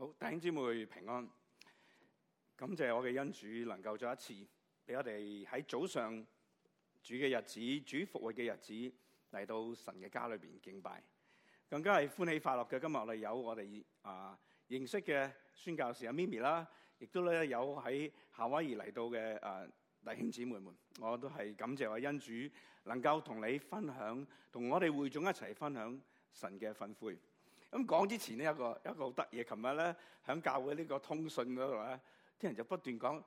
好，弟兄姊妹平安，感謝我嘅恩主能夠再一次俾我哋喺早上主嘅日子、主復活嘅日子嚟到神嘅家裏邊敬拜，更加係歡喜快樂嘅。今日我哋有我哋啊認識嘅宣教士阿咪咪啦，亦、啊、都咧有喺夏威夷嚟到嘅啊弟兄姊妹們，我都係感謝我的恩主能夠同你分享，同我哋會眾一齊分享神嘅訓誨。咁講之前呢，一個一個好得意。琴日咧，喺教會呢個通訊嗰度咧，啲人就不斷講、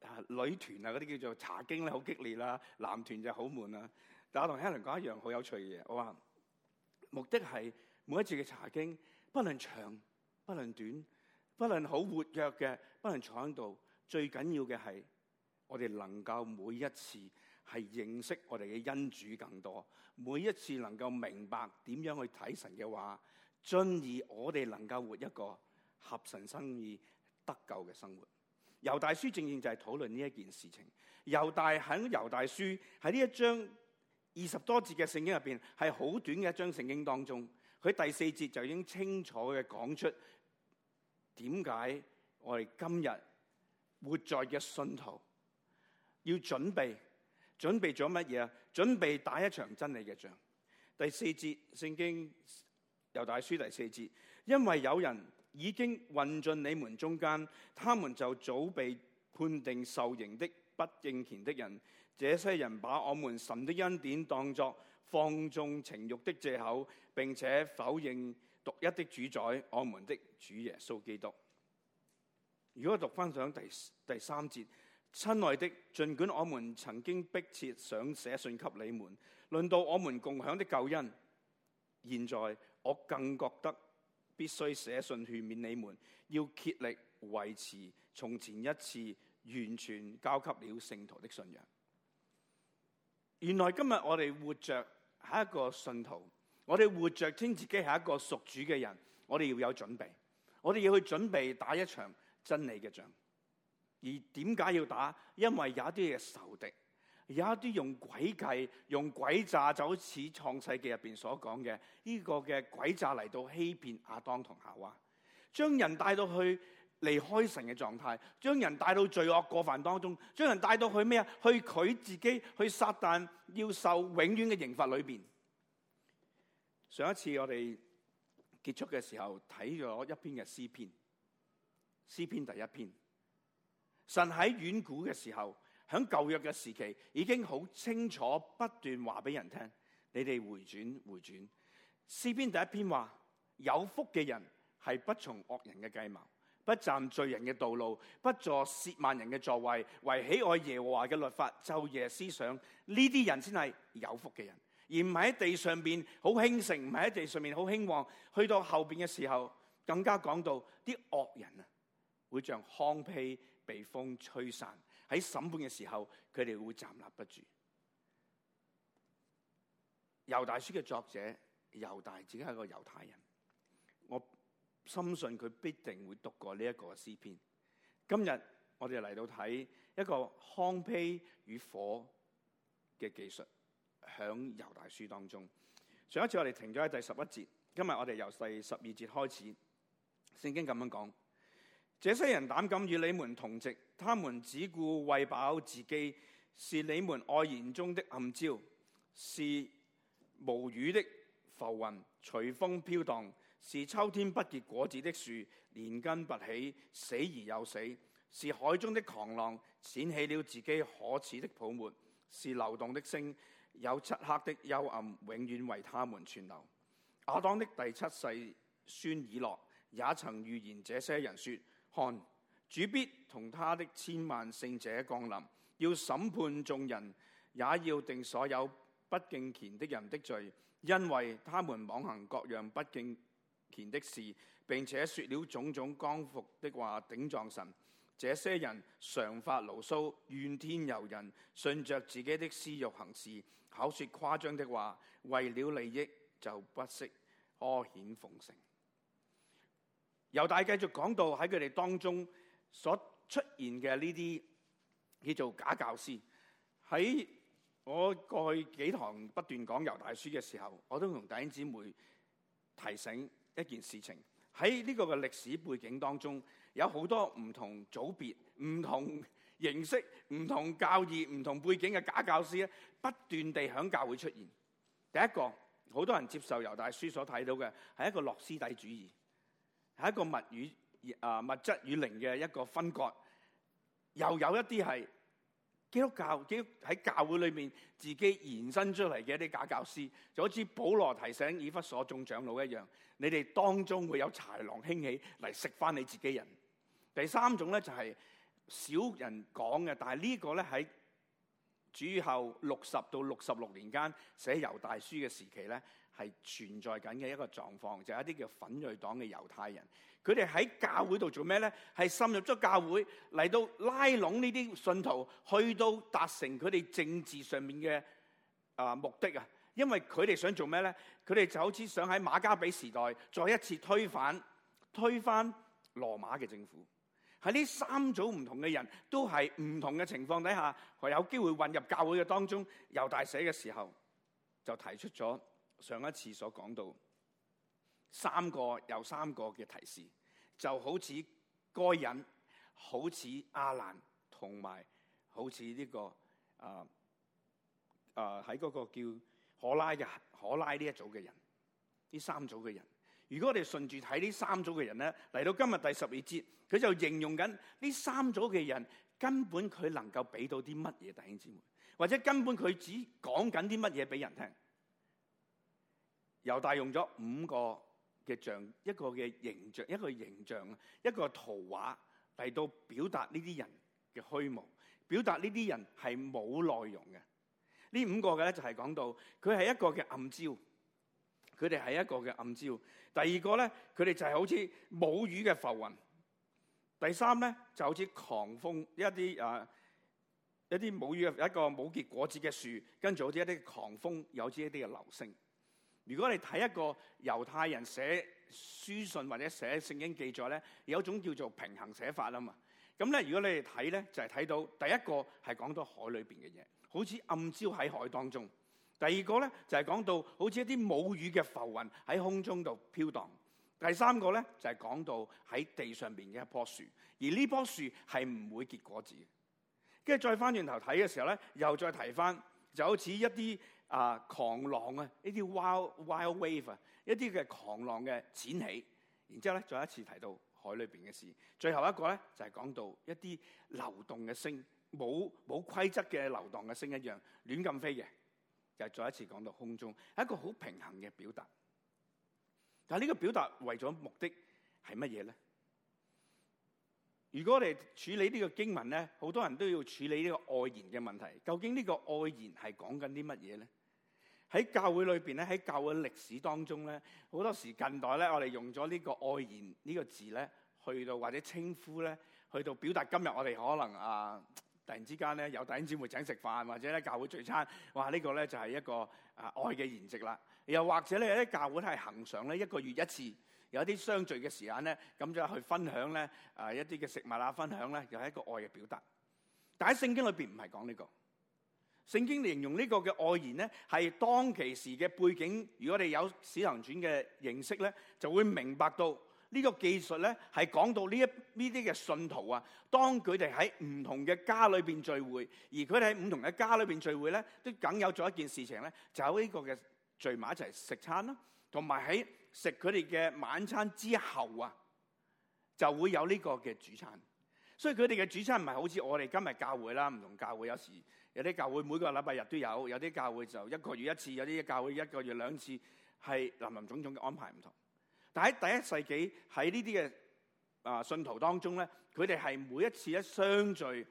呃、啊女團啊嗰啲叫做查經咧好激烈啦、啊，男團就好悶啊。但我同 Helen 講一樣好有趣嘅嘢，我話目的係每一次嘅查經，不論長不論短，不論好活躍嘅，不論坐喺度，最緊要嘅係我哋能夠每一次係認識我哋嘅恩主更多，每一次能夠明白點樣去睇神嘅話。進而我哋能夠活一個合神心意得救嘅生活。猶大書正正就係討論呢一件事情。猶大喺猶大書喺呢一張二十多節嘅聖經入邊，係好短嘅一張聖經當中，佢第四節就已經清楚嘅講出點解我哋今日活在嘅信徒要準備，準備咗乜嘢啊？準備打一場真理嘅仗。第四節聖經。又大書第四節，因為有人已經混進你們中間，他們就早被判定受刑的不敬虔的人。這些人把我們神的恩典當作放縱情欲的借口，並且否認獨一的主宰，我們的主耶穌基督。如果讀翻上第第三節，親愛的，盡管我們曾經迫切想寫信給你們，論到我們共享的救恩，現在。我更覺得必須寫信勸勉你們，要竭力維持從前一次完全交給了聖徒的信仰。原來今日我哋活着係一個信徒，我哋活着聽自己係一個屬主嘅人，我哋要有準備，我哋要去準備打一場真理嘅仗。而點解要打？因為有一啲嘢仇敵。有一啲用詭計、用詭詐，就好似創世記入邊所講嘅呢個嘅詭詐嚟到欺騙亞當同夏娃，將人帶到去離開神嘅狀態，將人帶到罪惡過犯當中，將人帶到去咩啊？去佢自己去撒旦要受永遠嘅刑罰裏邊。上一次我哋結束嘅時候睇咗一篇嘅詩篇，詩篇第一篇，神喺遠古嘅時候。喺舊約嘅時期，已經好清楚不斷話俾人聽，你哋回轉，回轉。詩篇第一篇話，有福嘅人係不從惡人嘅計謀，不站罪人嘅道路，不坐褻慢人嘅座位，為喜愛耶和華嘅律法晝夜思想。呢啲人先係有福嘅人，而唔係喺地上邊好興盛，唔係喺地上面好興旺。去到後邊嘅時候，更加講到啲惡人啊。會像糠粃被風吹散，喺審判嘅時候，佢哋會站立不住。猶大書嘅作者猶大自己係一個猶太人，我深信佢必定會讀過呢一個詩篇。今日我哋嚟到睇一個糠粃與火嘅技術，響猶大書當中，上一次我哋停咗喺第十一節，今日我哋由第十二節開始，聖經咁樣講。這些人膽敢與你們同席，他們只顧餵飽自己，是你們愛筵中的暗礁，是無雨的浮雲隨風飄蕩，是秋天不結果子的樹連根拔起死而又死，是海中的狂浪濺起了自己可恥的泡沫，是流動的星有漆黑的幽暗永遠為他們存留。亞當的第七世孫以諾也曾預言這些人說。看，主必同他的千萬聖者降臨，要審判眾人，也要定所有不敬虔的人的罪，因為他們妄行各樣不敬虔的事，並且說了種種光復的話頂撞神。這些人常發牢騷、怨天尤人，順着自己的私欲行事，口說誇張的話，為了利益就不惜阿諛奉承。猶大繼續講到喺佢哋當中所出現嘅呢啲叫做假教師。喺我過去幾堂不斷講猶大書嘅時候，我都同弟兄姊妹提醒一件事情：喺呢個嘅歷史背景當中，有好多唔同組別、唔同形式、唔同教義、唔同背景嘅假教師咧，不斷地響教會出現。第一個，好多人接受猶大書所睇到嘅係一個諾斯底主義，係一個物與啊物質與靈嘅一個分割。又有一啲係基督教，喺教會裏面自己延伸出嚟嘅一啲假教師，就好似保羅提醒以弗所眾長老一樣，你哋當中會有豺狼興起嚟食翻你自己人。第三種咧就係、是、少人講嘅，但係呢個咧喺主後六十到六十六年間寫猶大書嘅時期咧。係存在緊嘅一個狀況，就係一啲叫奮銳黨嘅猶太人，佢哋喺教會度做咩呢？係滲入咗教會，嚟到拉攏呢啲信徒，去到達成佢哋政治上面嘅啊目的啊！因為佢哋想做咩呢？佢哋就好似想喺馬加比時代再一次推翻推翻羅馬嘅政府。喺呢三組唔同嘅人都係唔同嘅情況底下，佢有機會混入教會嘅當中，猶大寫嘅時候，就提出咗。上一次所講到三個又三個嘅提示，就好似該隱，好似阿蘭，同埋好似呢個啊啊喺嗰個叫可拉嘅可拉呢一組嘅人，呢三組嘅人。如果我哋順住睇呢三組嘅人咧，嚟到今日第十二節，佢就形容緊呢三組嘅人根本佢能夠俾到啲乜嘢弟兄姊妹，或者根本佢只講緊啲乜嘢俾人聽。猶大用咗五個嘅像，一個嘅形象，一個形象，一個圖畫嚟到表達呢啲人嘅虛無，表達呢啲人係冇內容嘅。呢五個嘅咧就係、是、講到，佢係一個嘅暗礁，佢哋係一個嘅暗礁。第二個咧，佢哋就係好似冇雨嘅浮雲。第三咧就好似狂風，一啲啊一啲冇雨嘅一個冇結果子嘅樹，跟住好似一啲狂風，有啲一啲嘅流星。如果你睇一個猶太人寫書信或者寫聖經記載咧，有一種叫做平衡寫法啊嘛。咁咧，如果你哋睇咧，就係、是、睇到第一個係講到海裏邊嘅嘢，好似暗礁喺海當中；第二個咧就係、是、講到好似一啲冇雨嘅浮雲喺空中度飄蕩；第三個咧就係、是、講到喺地上邊嘅一棵樹，而呢棵樹係唔會結果子嘅。跟住再返轉頭睇嘅時候咧，又再提返，就好似一啲。啊！狂浪啊！呢啲 wild wild wave 啊！一啲嘅狂浪嘅濺起，然之後咧再一次提到海裏邊嘅事。最後一個咧就係、是、講到一啲流動嘅星，冇冇規則嘅流蕩嘅星一樣亂咁飛嘅，又、就是、再一次講到空中係一個好平衡嘅表達。但係呢個表達為咗目的係乜嘢咧？如果我哋處理呢個經文咧，好多人都要處理呢個外延嘅問題。究竟呢個外延係講緊啲乜嘢咧？喺教會裏邊咧，喺教會歷史當中咧，好多時近代咧，我哋用咗呢個愛筵呢、這個字咧，去到或者稱呼咧，去到表達今日我哋可能啊，突然之間咧有弟兄姊妹請食飯，或者咧教會聚餐，哇！呢、這個咧就係一個啊愛嘅筵席啦。又或者咧有啲教會係行常咧，一個月一次有啲相聚嘅時間咧，咁就去分享咧啊一啲嘅食物啦，分享咧又係一個愛嘅表達。但喺聖經裏邊唔係講呢個。聖經形容這個呢個嘅外延咧，係當其時嘅背景。如果你有使行傳嘅認識咧，就會明白到呢、這個技術咧係講到呢一呢啲嘅信徒啊。當佢哋喺唔同嘅家裏邊聚會，而佢哋喺唔同嘅家裏邊聚會咧，都梗有咗一件事情咧，就喺呢個嘅聚埋一齊食餐啦。同埋喺食佢哋嘅晚餐之後啊，就會有呢個嘅主餐。所以佢哋嘅主餐唔係好似我哋今日教會啦，唔同教會有時。有啲教會每個禮拜日都有，有啲教會就一個月一次，有啲教會一個月兩次，係林林總總嘅安排唔同。但喺第一世紀喺呢啲嘅啊信徒當中咧，佢哋係每一次一相聚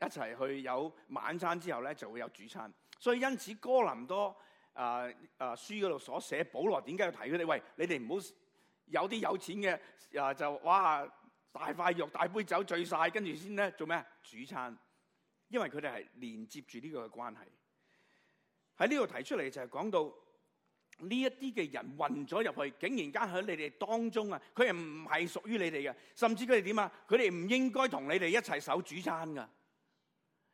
一齊去有晚餐之後咧，就會有主餐。所以因此哥林多啊啊書嗰度所寫，保羅點解要提佢哋？喂，你哋唔好有啲有錢嘅啊，就哇大塊肉、大杯酒醉晒，跟住先咧做咩？主餐。因為佢哋係連接住呢個嘅關係，喺呢度提出嚟就係講到呢一啲嘅人混咗入去，竟然間喺你哋當中啊！佢係唔係屬於你哋嘅？甚至佢哋點啊？佢哋唔應該同你哋一齊守主餐噶，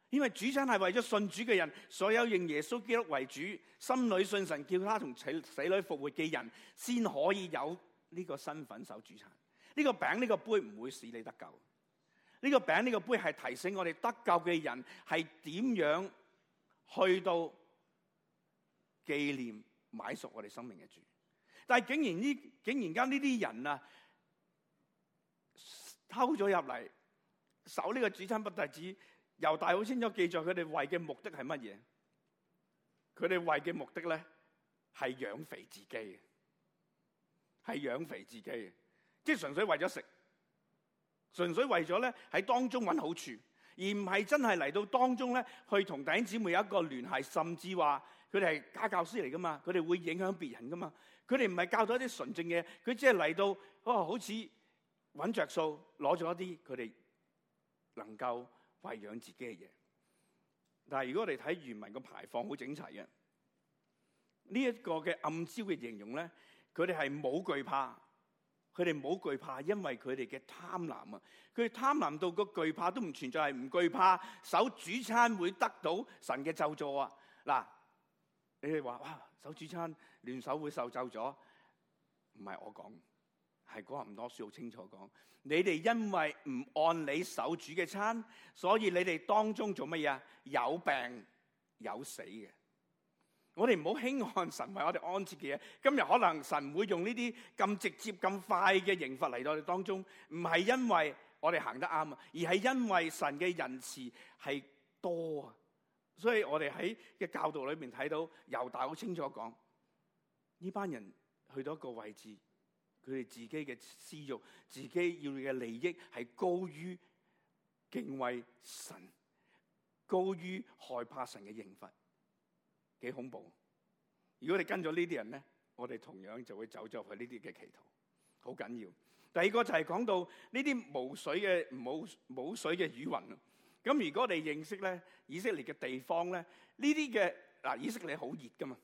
因為主餐係為咗信主嘅人，所有認耶穌基督為主、心裏信神、叫他從死裡復活嘅人，先可以有呢個身份守主餐。呢個餅、呢個杯唔會使你得救。呢個餅呢、呢個杯係提醒我哋得救嘅人係點樣去到紀念買贖我哋生命嘅主，但係竟然呢，竟然間呢啲人啊偷咗入嚟守呢個主餐不得止，猶大好清楚記載佢哋為嘅目的係乜嘢？佢哋為嘅目的咧係養肥自己，係養肥自己，即係純粹為咗食。純粹為咗咧喺當中揾好處，而唔係真係嚟到當中咧去同弟兄姊妹有一個聯繫，甚至話佢哋係假教師嚟噶嘛，佢哋會影響別人噶嘛，佢哋唔係教到一啲純正嘅，佢只係嚟到哦，好似揾着數攞咗一啲佢哋能夠餵養自己嘅嘢。但係如果我哋睇原文嘅排放好整齊嘅，呢一個嘅暗礁嘅形容咧，佢哋係冇懼怕，佢哋冇懼怕，因為佢哋嘅貪婪啊！佢貪婪到個懼怕都唔存在，係唔懼怕守主餐會得到神嘅咒詛啊！嗱，你哋話哇，守主餐亂守會受咒詛？唔係我講，係哥林多書好清楚講，你哋因為唔按你守主嘅餐，所以你哋當中做乜嘢啊？有病有死嘅。我哋唔好輕看神為我哋安置嘅嘢。今日可能神會用呢啲咁直接、咁快嘅刑罰嚟到我哋當中，唔係因為我哋行得啱啊，而係因為神嘅仁慈係多啊，所以我哋喺嘅教導裏面睇到，猶大好清楚講，呢班人去到一個位置，佢哋自己嘅私欲、自己要嘅利益係高於敬畏神、高於害怕神嘅刑罰。幾恐怖！如果你跟咗呢啲人咧，我哋同樣就會走咗去呢啲嘅歧途，好緊要。第二個就係講到呢啲冇水嘅冇冇水嘅雨雲咯。咁如果我哋認識咧以色列嘅地方咧，呢啲嘅嗱，以色列好熱噶嘛。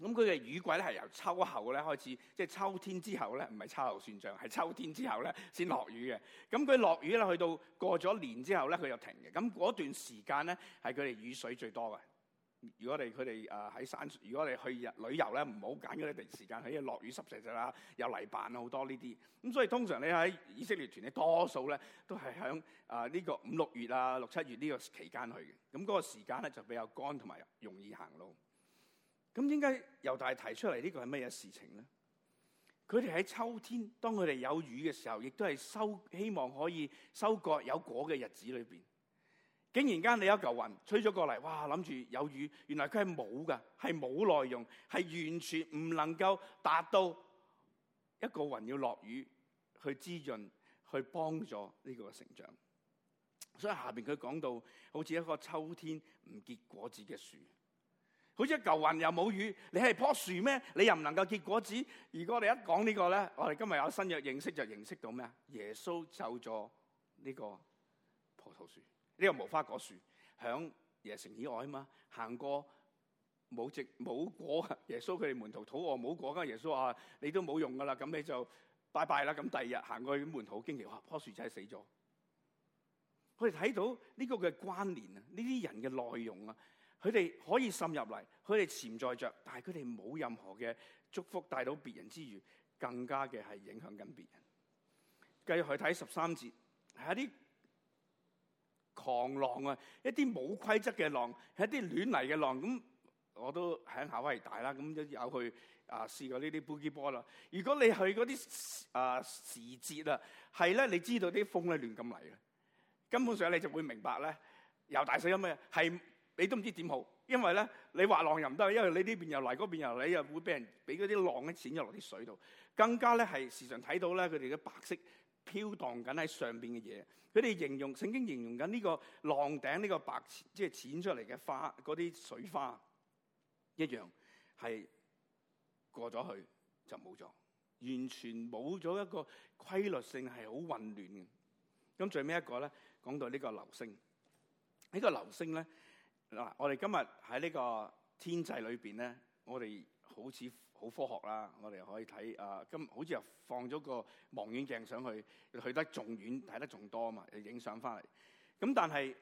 咁佢嘅雨季咧係由秋後咧開始，即係秋天之後咧，唔係秋後算帳，係秋天之後咧先落雨嘅。咁佢落雨咧去到過咗年之後咧，佢又停嘅。咁嗰段時間咧係佢哋雨水最多嘅。如果你佢哋啊喺山，如果你去日旅遊咧，唔好揀一啲時間，喺落雨濕曬就啦，有泥板好多呢啲。咁所以通常你喺以色列團咧，多數咧都係喺啊呢個五六月啊六七月呢個期間去嘅。咁嗰個時間咧就比較乾同埋容易行路。咁點解猶大提出嚟呢個係乜嘢事情咧？佢哋喺秋天，當佢哋有雨嘅時候，亦都係收希望可以收割有果嘅日子裏邊。竟然間，你有嚿雲吹咗過嚟，哇諗住有雨，原來佢係冇噶係冇內容，係完全唔能夠達到一個雲要落雨去滋潤、去幫助呢個成長。所以下邊佢講到好似一個秋天唔結果子嘅樹，好似一嚿雲又冇雨，你係棵樹咩？你又唔能夠結果子。如果我哋一講呢個咧，我哋今日有新約認識就認識到咩啊？耶穌就咗呢個葡萄樹。呢個無花果樹喺耶城以外啊嘛，行過冇植冇果，耶穌佢哋門徒肚餓冇果，咁耶穌話你都冇用噶啦，咁你就拜拜啦。咁第二日行過去門徒驚奇，哇，棵樹仔死咗。佢哋睇到呢個嘅關聯啊，呢啲人嘅內容啊，佢哋可以滲入嚟，佢哋潛在着，但係佢哋冇任何嘅祝福帶到別人之餘，更加嘅係影響緊別人。繼續去睇十三節，係一啲。狂浪啊！一啲冇規則嘅浪，係一啲亂嚟嘅浪。咁我都喺夏威夷大啦，咁有去啊試過呢啲 boogie board 啦。如果你去嗰啲啊時節啊，係咧、啊，你知道啲風咧亂咁嚟嘅。根本上你就會明白咧，遊大水有咩係你都唔知點好，因為咧你滑浪又唔得，因為你呢邊又嚟，嗰邊又嚟，你又會俾人俾嗰啲浪咧濺咗落啲水度，更加咧係時常睇到咧佢哋嘅白色。漂蕩緊喺上邊嘅嘢，佢哋形容，聖經形容緊呢個浪頂呢個白，即係濺出嚟嘅花，嗰啲水花一樣係過咗去就冇咗，完全冇咗一個規律性，係好混亂嘅。咁最尾一個咧，講到呢個流星，呢個流星咧嗱，我哋今日喺呢個天際裏邊咧，我哋。好似好科學啦，我哋可以睇啊，咁好似又放咗個望遠鏡上去，去得仲遠，睇得仲多啊嘛，影相翻嚟。咁但係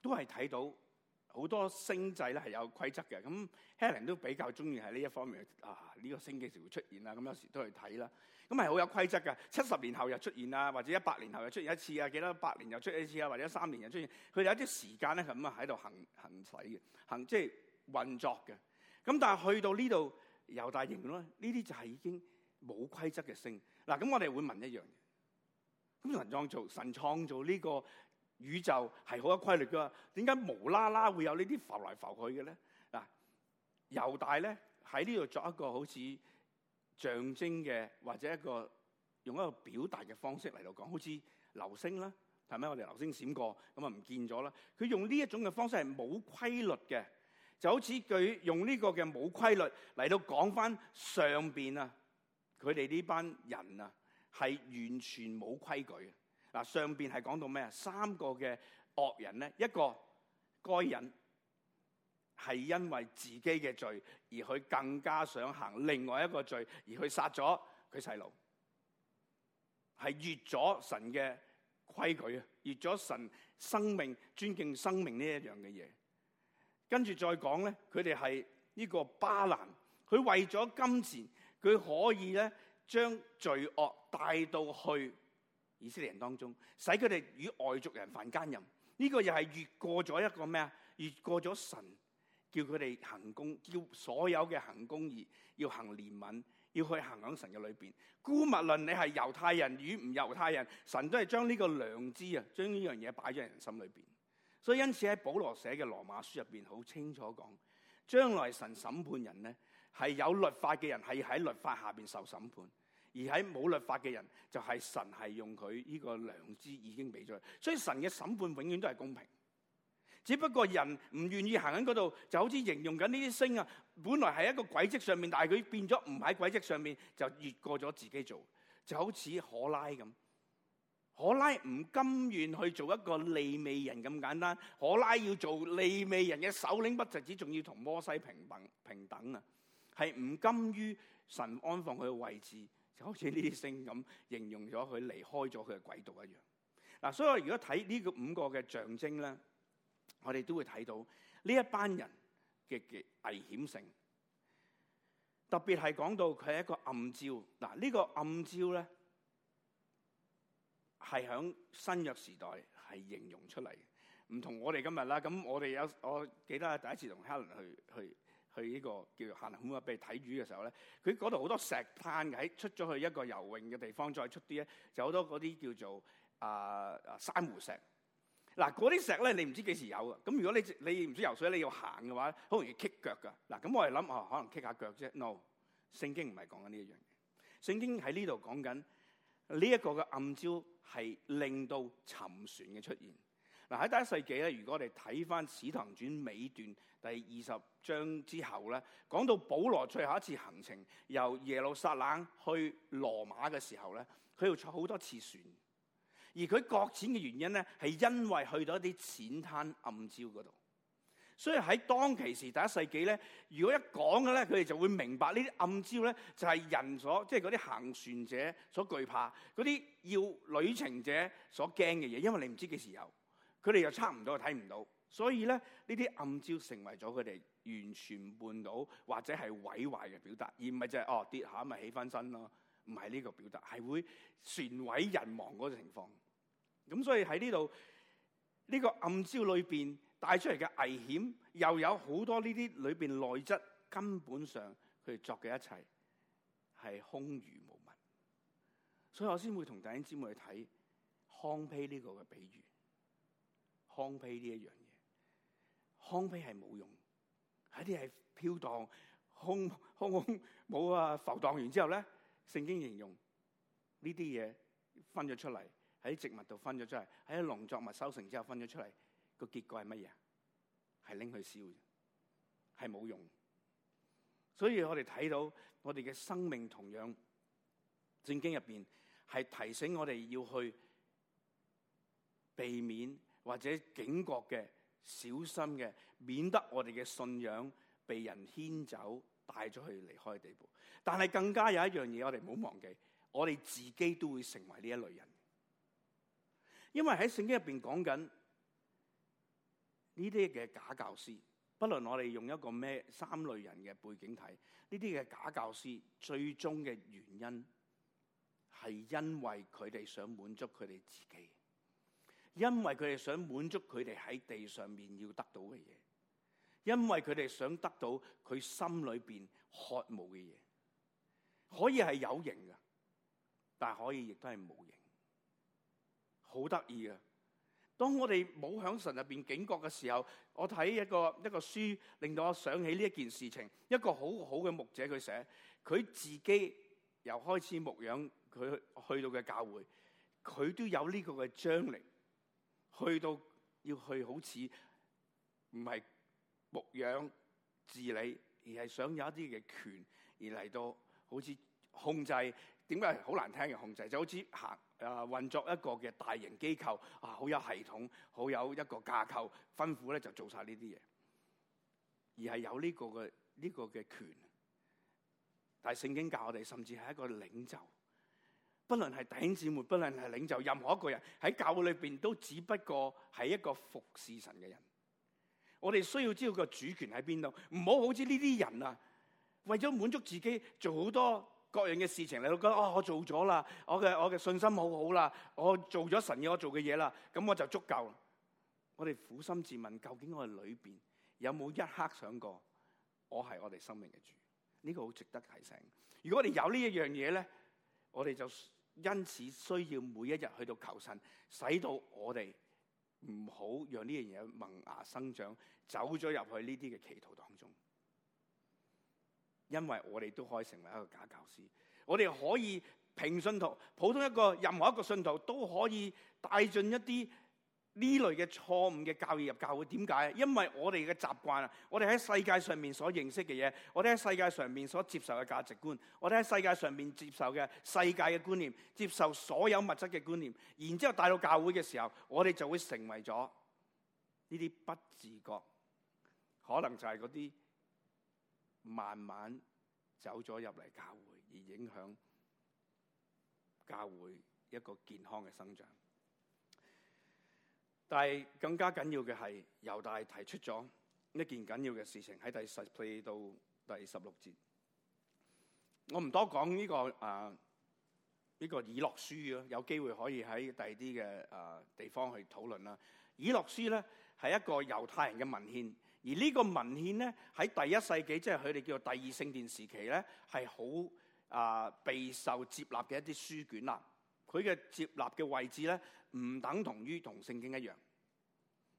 都係睇到好多星際咧係有規則嘅。咁 Helen 都比較中意喺呢一方面啊，呢個星幾時會出現啊？咁有時都去睇啦。咁係好有規則㗎。七十年後又出現啊，或者一百年後又出現一次啊，幾多百年又出現一次啊，或者三年又出現。佢有一啲時間咧咁啊喺度行行駛嘅，行即係運作嘅。咁但係去到呢度，猶大形容，呢啲就係已經冇規則嘅星。嗱，咁我哋會問一樣嘢：咁神創造神創造呢個宇宙係好有規律嘅，點解無啦啦會有呢啲浮來浮去嘅咧？嗱，猶大咧喺呢度作一個好似象徵嘅，或者一個用一個表達嘅方式嚟到講，好似流星啦，係咪我哋流星閃過咁啊唔見咗啦？佢用呢一種嘅方式係冇規律嘅。就好似佢用呢個嘅冇規律嚟到講翻上邊啊，佢哋呢班人啊係完全冇規矩啊，嗱，上邊係講到咩啊？三個嘅惡人咧，一個該人係因為自己嘅罪，而佢更加想行另外一個罪，而去殺咗佢細路，係越咗神嘅規矩啊，越咗神生命尊敬生命呢一樣嘅嘢。跟住再講呢佢哋係呢個巴蘭，佢為咗金錢，佢可以呢將罪惡帶到去以色列人當中，使佢哋與外族人犯奸淫。呢個又係越過咗一個咩啊？越過咗神叫佢哋行公，叫所有嘅行公義，要行憐憫，要去行喺神嘅裏邊。姑勿論你係猶太人與唔猶太人，神都係將呢個良知啊，將呢樣嘢擺咗喺人心裏邊。所以因此喺保羅寫嘅羅馬書入邊好清楚講，將來神審判人咧係有律法嘅人係喺律法下邊受審判，而喺冇律法嘅人就係神係用佢呢個良知已經俾咗，所以神嘅審判永遠都係公平。只不過人唔願意行喺嗰度，就好似形容緊呢啲星啊，本來係一個軌跡上面，但係佢變咗唔喺軌跡上面，就越過咗自己做，就好似可拉咁。可拉唔甘願去做一個利未人咁簡單，可拉要做利未人嘅首領，不就只仲要同摩西平等平等啊？係唔甘於神安放佢嘅位置，就好似呢啲星咁形容咗佢離開咗佢嘅軌道一樣。嗱，所以我如果睇呢個五個嘅象徵咧，我哋都會睇到呢一班人嘅嘅危險性，特別係講到佢係一個暗礁。嗱，呢個暗礁咧。係喺新約時代係形容出嚟，唔同我哋今日啦。咁我哋有我記得第一次同 Helen 去去去呢、呢個叫做行，唔好話俾睇魚嘅時候咧，佢嗰度好多石灘喺出咗去一個游泳嘅地方，再出啲咧就好多嗰啲叫做啊珊瑚石。嗱，嗰啲石咧你唔知幾時有啊。咁如果你你唔知游水，你要行嘅話，好容易棘腳㗎。嗱，咁我係諗啊，可能棘下腳啫。No，聖經唔係講緊呢一樣嘢。聖經喺呢度講緊。呢一個嘅暗礁係令到沉船嘅出現，嗱、啊、喺第一世紀咧，如果我哋睇翻《使徒傳》尾段第二十章之後咧，講到保羅最後一次行程由耶路撒冷去羅馬嘅時候咧，佢要坐好多次船，而佢擱淺嘅原因咧，係因為去到一啲淺灘暗礁度。所以喺當其時，第一世紀咧，如果一講嘅咧，佢哋就會明白呢啲暗礁咧，就係、是、人所即係嗰啲行船者所懼怕、嗰啲要旅程者所驚嘅嘢，因為你唔知幾時有，佢哋又測唔到、睇唔到，所以咧呢啲暗礁成為咗佢哋完全絆倒或者係毀壞嘅表達，而唔係就係、是、哦跌下咪起翻身咯，唔係呢個表達，係會船毀人亡嗰個情況。咁所以喺呢度呢個暗礁裏邊。帶出嚟嘅危險，又有好多呢啲裏邊內質，根本上佢作嘅一切係空如無物，所以我先會同弟兄姊妹去睇糠粃呢個嘅比喻，糠粃呢一樣嘢，糠粃係冇用，一啲係飄蕩，空空空冇啊浮蕩完之後咧，聖經形容呢啲嘢分咗出嚟，喺植物度分咗出嚟，喺農作物收成之後分咗出嚟。個結果係乜嘢？係拎去燒嘅，係冇用。所以我哋睇到我哋嘅生命同樣，聖經入邊係提醒我哋要去避免或者警覺嘅小心嘅，免得我哋嘅信仰被人牽走帶咗去離開嘅地步。但係更加有一樣嘢，我哋唔好忘記，我哋自己都會成為呢一類人，因為喺聖經入邊講緊。呢啲嘅假教師，不論我哋用一個咩三類人嘅背景睇，呢啲嘅假教師最終嘅原因係因為佢哋想滿足佢哋自己，因為佢哋想滿足佢哋喺地上面要得到嘅嘢，因為佢哋想得到佢心裏邊渴望嘅嘢，可以係有形嘅，但可以亦都係無形，好得意呀。當我哋冇喺神入邊警覺嘅時候，我睇一個一個書，令到我想起呢一件事情。一個好好嘅牧者佢寫，佢自己由開始牧養佢去到嘅教會，佢都有呢個嘅張力，去到要去好似唔係牧養治理，而係想有一啲嘅權，而嚟到好似控制。點解好難聽嘅控制就好似行誒、呃、運作一個嘅大型機構啊，好有系統，好有一個架構，吩咐咧就做晒呢啲嘢，而係有呢個嘅呢、這個嘅權。但係聖經教我哋，甚至係一個領袖，不論係弟兄姊妹，或不論係領袖，任何一個人喺教會裏邊都只不過係一個服侍神嘅人。我哋需要知道個主權喺邊度，唔好好似呢啲人啊，為咗滿足自己做好多。各樣嘅事情你都覺得啊，我做咗啦，我嘅我嘅信心好好啦，我做咗神要我做嘅嘢啦，咁我就足夠啦。我哋苦心自問，究竟我哋裏邊有冇一刻想過，我係我哋生命嘅主？呢個好值得提醒。如果我哋有呢一樣嘢咧，我哋就因此需要每一日去到求神，使到我哋唔好讓呢樣嘢萌芽生長，走咗入去呢啲嘅歧途當中。因為我哋都可以成為一個假教師，我哋可以平信徒，普通一個任何一個信徒都可以帶進一啲呢類嘅錯誤嘅教育入教會。點解？因為我哋嘅習慣啊，我哋喺世界上面所認識嘅嘢，我哋喺世界上面所接受嘅價值觀，我哋喺世界上面接受嘅世界嘅觀念，接受所有物質嘅觀念，然之後帶到教會嘅時候，我哋就會成為咗呢啲不自覺，可能就係嗰啲。慢慢走咗入嚟教會，而影響教會一個健康嘅生長。但係更加緊要嘅係猶大提出咗一件緊要嘅事情，喺第十四到第十六節。我唔多講呢個啊呢個以諾書咯，有機會可以喺第二啲嘅啊地方去討論啦。以諾書咧係一個猶太人嘅文獻。而呢個文獻咧，喺第一世紀，即係佢哋叫做第二聖殿時期咧，係好啊備受接納嘅一啲書卷啦。佢嘅接納嘅位置咧，唔等同於同聖經一樣。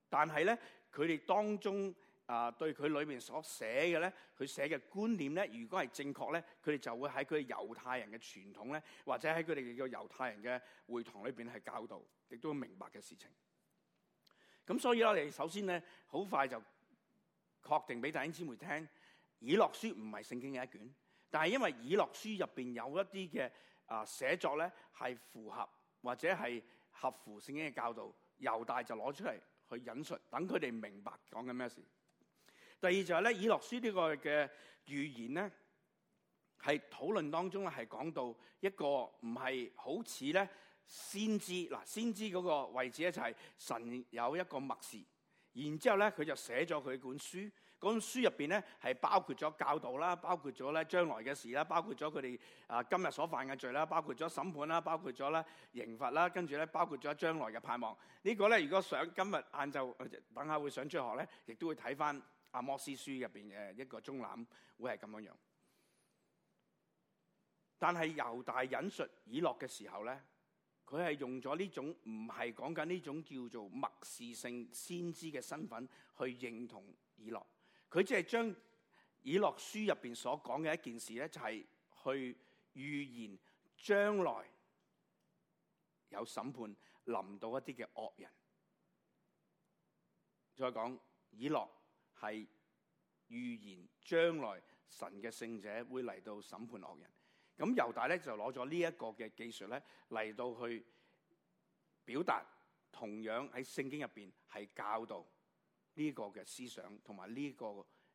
但係咧，佢哋當中啊、呃，對佢裏面所寫嘅咧，佢寫嘅觀念咧，如果係正確咧，佢哋就會喺佢哋猶太人嘅傳統咧，或者喺佢哋嘅猶太人嘅會堂裏邊係教導亦都明白嘅事情。咁所以咧，我哋首先咧，好快就。確定俾弟兄姊妹聽，《以諾書》唔係聖經嘅一卷，但係因為《以諾書》入邊有一啲嘅啊寫作咧，係符合或者係合乎聖經嘅教導，猶大就攞出嚟去引述，等佢哋明白講緊咩事。第二就係咧，《以諾書》呢個嘅預言咧，係討論當中咧，係講到一個唔係好似咧先知嗱，先知嗰個位置咧，就係神有一個默示。然之後咧，佢就寫咗佢本書。本書入邊咧，係包括咗教導啦，包括咗咧將來嘅事啦，包括咗佢哋啊今日所犯嘅罪啦，包括咗審判啦，包括咗咧刑罰啦，跟住咧包括咗將來嘅盼望。這個、呢個咧，如果想今日晏晝等下會想出學咧，亦都會睇翻《阿摩斯書》入邊嘅一個中覽，會係咁樣樣。但係猶大引述以諾嘅時候咧。佢係用咗呢種唔係講緊呢種叫做默示性先知嘅身份去認同以諾。佢即係將以諾書入邊所講嘅一件事咧，就係、是、去預言將來有審判臨到一啲嘅惡人。再講以諾係預言將來神嘅聖者會嚟到審判惡人。咁猶大咧就攞咗呢一個嘅技術咧嚟到去表達，同樣喺聖經入邊係教導呢個嘅思想，同埋呢個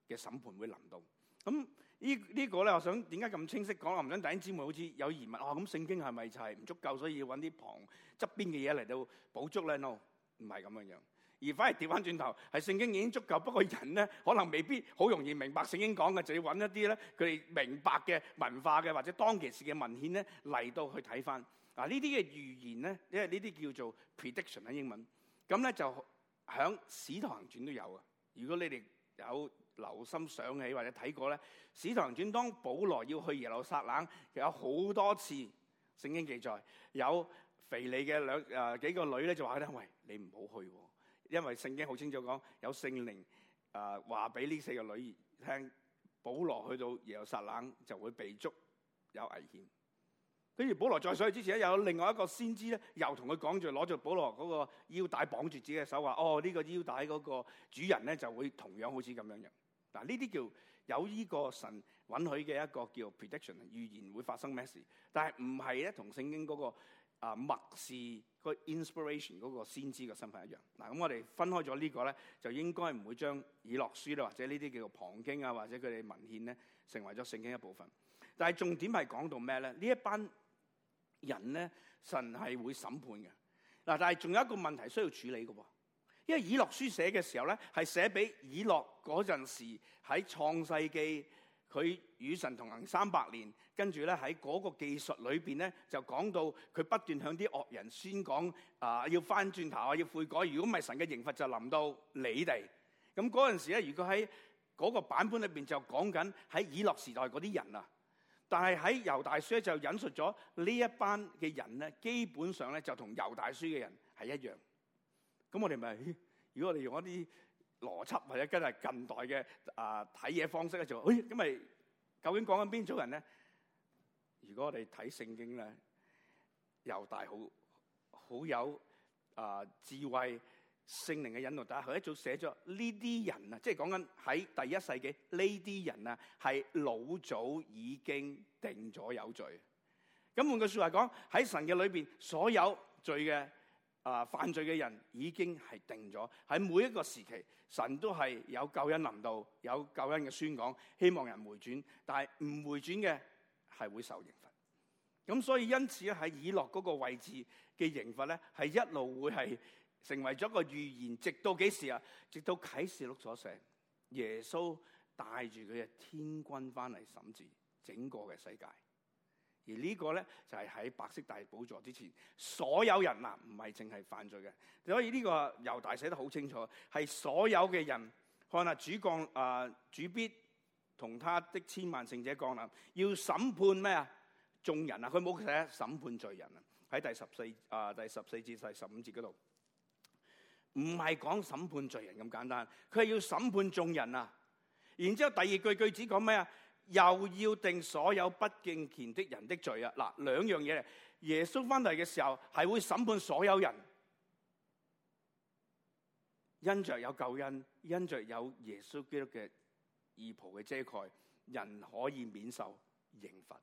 嘅審判會臨到。咁呢呢個咧，我想點解咁清晰講？我唔想弟兄姊妹好似有疑問，哦，咁聖經係咪就係唔足夠，所以要揾啲旁側邊嘅嘢嚟到補足咧？no，唔係咁樣樣。而反而調翻轉頭係聖經已經足夠，不過人咧可能未必好容易明白聖經講嘅，就要揾一啲咧佢哋明白嘅文化嘅或者當其時嘅文獻咧嚟到去睇翻嗱。啊、這些語言呢啲嘅預言咧，因為呢啲叫做 prediction 喺英文咁咧，就響《使徒行傳》都有啊。如果你哋有留心想起或者睇過咧，《使徒行傳》當保羅要去耶路撒冷，其實有好多次聖經記載有腓利嘅兩誒幾個女咧就話咧：喂你唔好去、哦。因為聖經好清楚講，有聖靈啊話俾呢四個女兒聽，保羅去到耶路撒冷就會被捉，有危險。跟住保羅再上去之前咧，有另外一個先知咧，又同佢講住攞住保羅嗰個腰帶綁住自己嘅手話：哦，呢個腰帶嗰個主人咧就會同樣好似咁樣樣。嗱，呢啲叫有呢個神允許嘅一個叫 prediction 預言會發生咩事，但係唔係咧同聖經嗰個。啊，默示、嗰個 inspiration 嗰個先知嘅身份一樣，嗱、啊，咁我哋分開咗呢個咧，就應該唔會將以諾書啦，或者呢啲叫做旁經啊，或者佢哋文獻咧，成為咗聖經一部分。但係重點係講到咩咧？一呢一班人咧，神係會審判嘅。嗱、啊，但係仲有一個問題需要處理嘅、哦。因為以諾書寫嘅時候咧，係寫俾以諾嗰陣時喺創世紀。佢與神同行三百年，跟住咧喺嗰個記述裏邊咧，就講到佢不斷向啲惡人宣講啊、呃，要返轉頭啊，要悔改。如果唔係，神嘅刑罰就臨到你哋。咁嗰陣時咧，如果喺嗰個版本裏邊就講緊喺以諾時代嗰啲人啊，但係喺猶大書就引述咗呢一班嘅人咧，基本上咧就同猶大書嘅人係一樣。咁我哋咪，如果我哋用一啲邏輯或者跟住近代嘅啊，睇嘢方式咧，就、哎、話，咁咪究竟講緊邊種人咧？如果我哋睇聖經咧，又大好，好有啊、呃、智慧，聖靈嘅引導，大家佢一早寫咗呢啲人啊，即係講緊喺第一世紀呢啲人啊，係老早已經定咗有罪。咁換句話說話講，喺神嘅裏邊，所有罪嘅。啊！犯罪嘅人已經係定咗。喺每一個時期，神都係有救恩臨到，有救恩嘅宣講，希望人回轉。但係唔回轉嘅係會受刑罰。咁所以因此咧，喺以諾嗰個位置嘅刑罰咧，係一路會係成為咗個預言，直到幾時啊？直到啟示錄所寫，耶穌帶住佢嘅天軍翻嚟審治整個嘅世界。而這個呢個咧就係、是、喺白色大寶座之前，所有人啊，唔係淨係犯罪嘅。所以呢個猶大寫得好清楚，係所有嘅人看下主降啊、呃，主必同他的千萬聖者降臨，要審判咩啊？眾人啊，佢冇寫審判罪人啊。喺第十四啊、呃，第十四至第十五節嗰度，唔係講審判罪人咁簡單，佢係要審判眾人啊。然之後第二句句子講咩啊？又要定所有不敬虔的人的罪啊！嗱，兩樣嘢，耶穌翻嚟嘅時候係會審判所有人。因着有救恩，因着有耶穌基督嘅義袍嘅遮蓋，人可以免受刑罰。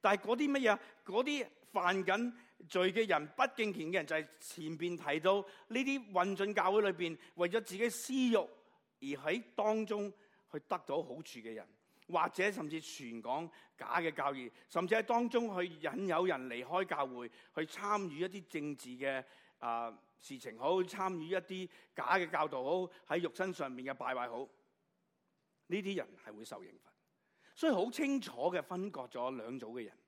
但係啲乜嘢？嗰啲犯緊罪嘅人、不敬虔嘅人，就係、是、前邊提到呢啲混進教會裏邊，為咗自己私欲而喺當中去得到好處嘅人。或者甚至傳講假嘅教義，甚至喺當中去引誘人離開教會，去參與一啲政治嘅、呃、事情好，參與一啲假嘅教導好，喺肉身上面嘅敗壞好，呢啲人係會受刑罰，所以好清楚嘅分割咗兩組嘅人。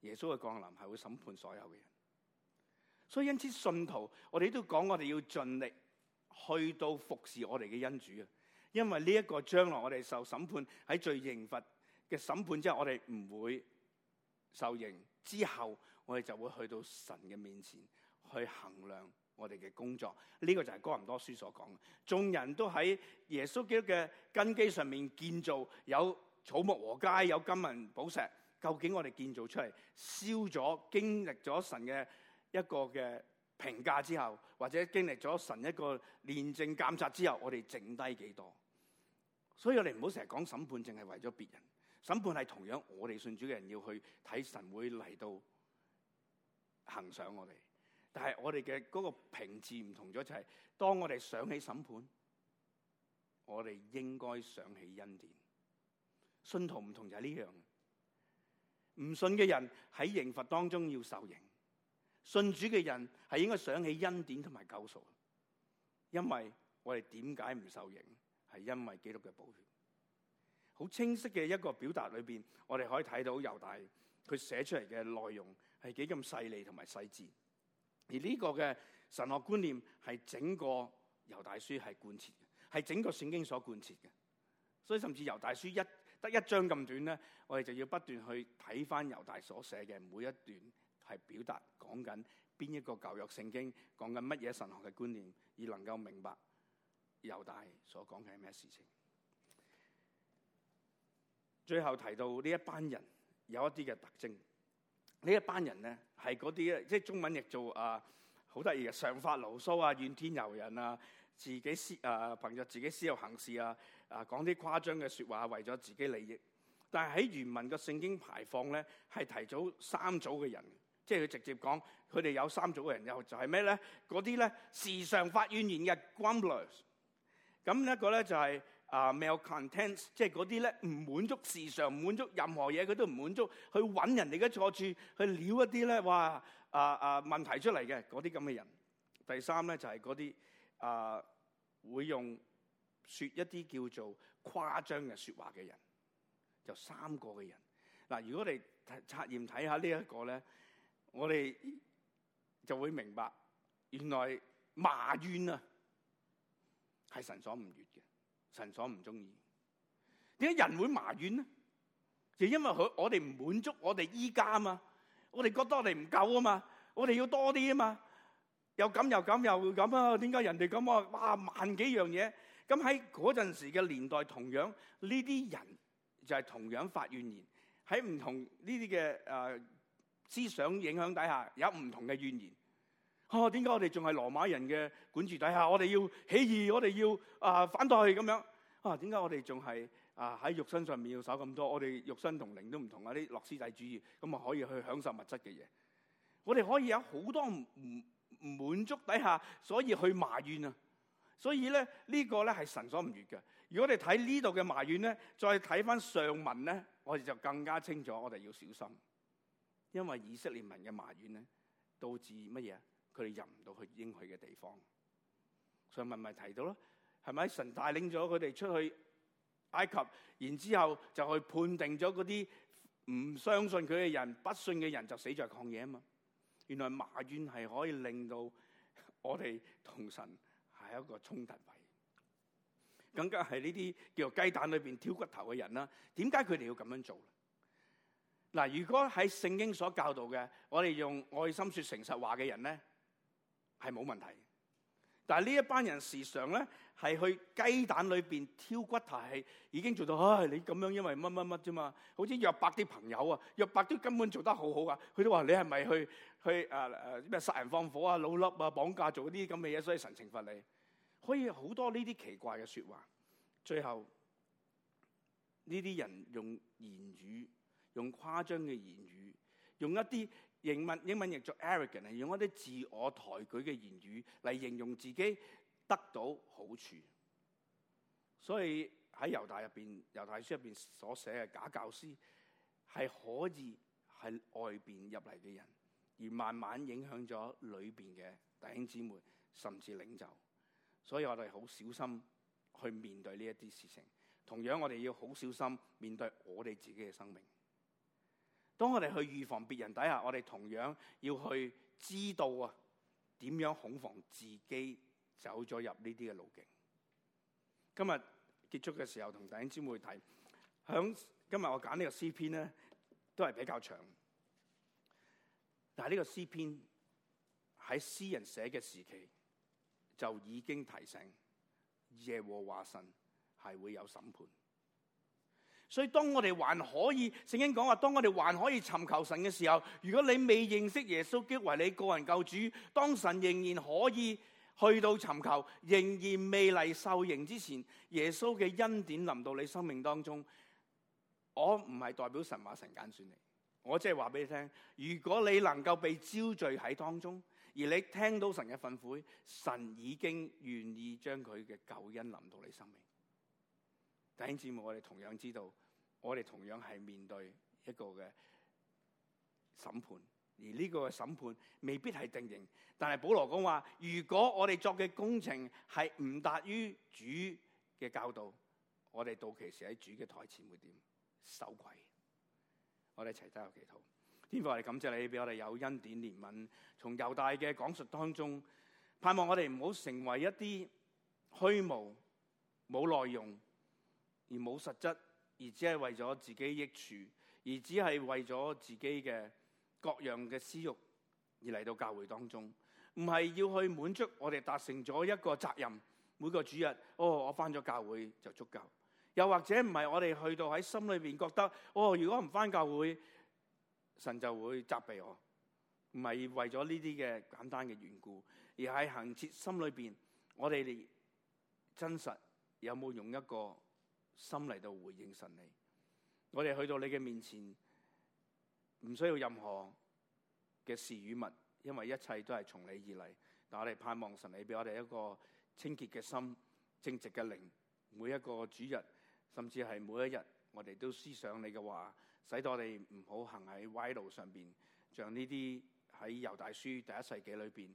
耶穌嘅降臨係會審判所有嘅人，所以因此信徒，我哋都講我哋要盡力去到服侍我哋嘅恩主啊。因為呢一個將來我哋受審判喺最刑罰嘅審判之後，我哋唔會受刑，之後我哋就會去到神嘅面前去衡量我哋嘅工作。呢個就係哥林多書所講嘅。眾人都喺耶穌基督嘅根基上面建造，有草木禾稭，有金銀寶石。究竟我哋建造出嚟燒咗，經歷咗神嘅一個嘅評價之後，或者經歷咗神一個煉淨鑒察之後，我哋剩低幾多？所以我哋唔好成日講審判，淨係為咗別人。審判係同樣，我哋信主嘅人要去睇神會嚟到行賞我哋。但係我哋嘅個評字唔同咗，就係、是、當我哋想起審判，我哋應該想起恩典。信徒唔同就係呢樣，唔信嘅人喺刑罰當中要受刑。信主嘅人係應該想起恩典同埋救贖，因為我哋點解唔受刑，係因為基督嘅寶血。好清晰嘅一個表達裏邊，我哋可以睇到猶大佢寫出嚟嘅內容係幾咁細膩同埋細緻。而呢個嘅神學觀念係整個猶大書係貫徹嘅，係整個聖經所貫徹嘅。所以甚至猶大書一得一章咁短咧，我哋就要不斷去睇翻猶大所寫嘅每一段。係表達講緊邊一個舊約聖經講緊乜嘢神學嘅觀念，而能夠明白猶大所講嘅係咩事情。最後提到呢一班人有一啲嘅特徵，呢一班人呢，係嗰啲，即係中文譯做啊好得意嘅，常發牢騷啊、怨天尤人啊，自己私啊，憑着自己私欲行事啊，啊講啲誇張嘅説話，為咗自己利益。但係喺原文嘅聖經排放呢，係提早三組嘅人。即係佢直接講，佢哋有三組嘅人，又就係咩咧？嗰啲咧時常發怨言嘅 grumblers，咁一個咧就係、是、啊、uh，malcontent，e 即係嗰啲咧唔滿足，時常唔滿足任何嘢，佢都唔滿足，去揾人哋嘅錯處，去撩一啲咧哇啊啊問題出嚟嘅嗰啲咁嘅人。第三咧就係嗰啲啊會用説一啲叫做誇張嘅説話嘅人，就三個嘅人。嗱，如果你測驗睇下呢一個咧。我哋就會明白，原來埋怨啊，係神所唔悦嘅，神所唔中意。點解人會埋怨呢？就因為佢我哋唔滿足我哋依家啊嘛，我哋覺得我哋唔夠啊嘛，我哋要多啲啊嘛。又咁又咁又咁啊！點解人哋咁啊？哇，萬幾樣嘢。咁喺嗰陣時嘅年代，同樣呢啲人就係同樣發怨言。喺唔同呢啲嘅誒，思想影響底下有唔同嘅怨言。啊，點解我哋仲係羅馬人嘅管治底下？我哋要起義，我哋要啊反對咁樣。啊，點解我哋仲係啊喺肉身上面要受咁多？我哋肉身靈同靈都唔同啊！啲諾斯底主義咁啊，可以去享受物質嘅嘢。我哋可以有好多唔唔滿足底下，所以去埋怨啊。所以咧呢，呢個咧係神所唔悦嘅。如果我哋睇呢度嘅埋怨咧，再睇翻上文咧，我哋就更加清楚，我哋要小心。因為以色列民嘅埋怨咧，導致乜嘢？佢哋入唔到去應許嘅地方。上文咪提到咯，係咪神帶領咗佢哋出去埃及，然之後就去判定咗嗰啲唔相信佢嘅人，不信嘅人就死在曠野啊嘛？原來埋怨係可以令到我哋同神係一個衝突位，更加係呢啲叫做雞蛋裏邊挑骨頭嘅人啦。點解佢哋要咁樣做？嗱，如果喺聖經所教導嘅，我哋用愛心説誠實話嘅人咧，係冇問題。但係呢一班人時常咧係去雞蛋裏邊挑骨頭，係已經做到唉、哎！你咁樣因為乜乜乜啫嘛？好似約伯啲朋友啊，約伯都根本做得好好啊。佢都話你係咪去去誒誒咩殺人放火啊、老笠啊、綁架做啲咁嘅嘢，所以神懲罰你？可以好多呢啲奇怪嘅説話，最後呢啲人用言語。用誇張嘅言語，用一啲英文英文譯作 arrogant，係用一啲自我抬舉嘅言語嚟形容自己得到好處。所以喺猶大入邊，猶太書入邊所寫嘅假教師係可以喺外邊入嚟嘅人，而慢慢影響咗裏邊嘅弟兄姊妹，甚至領袖。所以我哋好小心去面對呢一啲事情。同樣，我哋要好小心面對我哋自己嘅生命。當我哋去預防別人底下，我哋同樣要去知道啊，點樣恐防自己走咗入呢啲嘅路徑。今日結束嘅時候同弟兄姐妹睇，響今日我揀呢個詩篇咧，都係比較長。但係呢個詩篇喺詩人寫嘅時期就已經提醒耶和華神係會有審判。所以當我哋還可以聖經講話，當我哋還可以尋求神嘅時候，如果你未認識耶穌基督為你個人救主，當神仍然可以去到尋求，仍然未嚟受刑之前，耶穌嘅恩典臨到你生命當中，我唔係代表神話神揀選你，我即係話俾你聽，如果你能夠被焦聚喺當中，而你聽到神嘅憤悔，神已經願意將佢嘅救恩臨到你生命。弟兄姊妹，我哋同樣知道。我哋同樣係面對一個嘅審判，而呢個嘅審判未必係定型。但係保羅講話：如果我哋作嘅工程係唔達於主嘅教導，我哋到期時喺主嘅台前會點受虧？我哋一齊加入祈禱，天父，我哋感謝你俾我哋有恩典憐憫。從猶大嘅講述當中，盼望我哋唔好成為一啲虛無、冇內容而冇實質。而只係為咗自己益處，而只係為咗自己嘅各樣嘅私欲。而嚟到教會當中，唔係要去滿足我哋達成咗一個責任。每個主日，哦，我返咗教會就足夠。又或者唔係我哋去到喺心裏邊覺得，哦，如果唔返教會，神就會責備我。唔係為咗呢啲嘅簡單嘅緣故，而係行切心裏邊，我哋真實有冇用一個心嚟到回應神你，我哋去到你嘅面前，唔需要任何嘅事與物，因為一切都係從你而嚟。但我哋盼望神你俾我哋一個清潔嘅心、正直嘅靈。每一個主日，甚至係每一日，我哋都思想你嘅話，使到我哋唔好行喺歪路上邊。像呢啲喺猶大書第一世紀裏邊，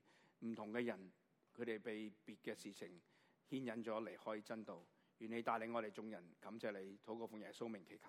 唔同嘅人，佢哋被別嘅事情牽引咗離開真道。願你帶領我哋眾人，感謝你，禱告奉耶穌名祈求。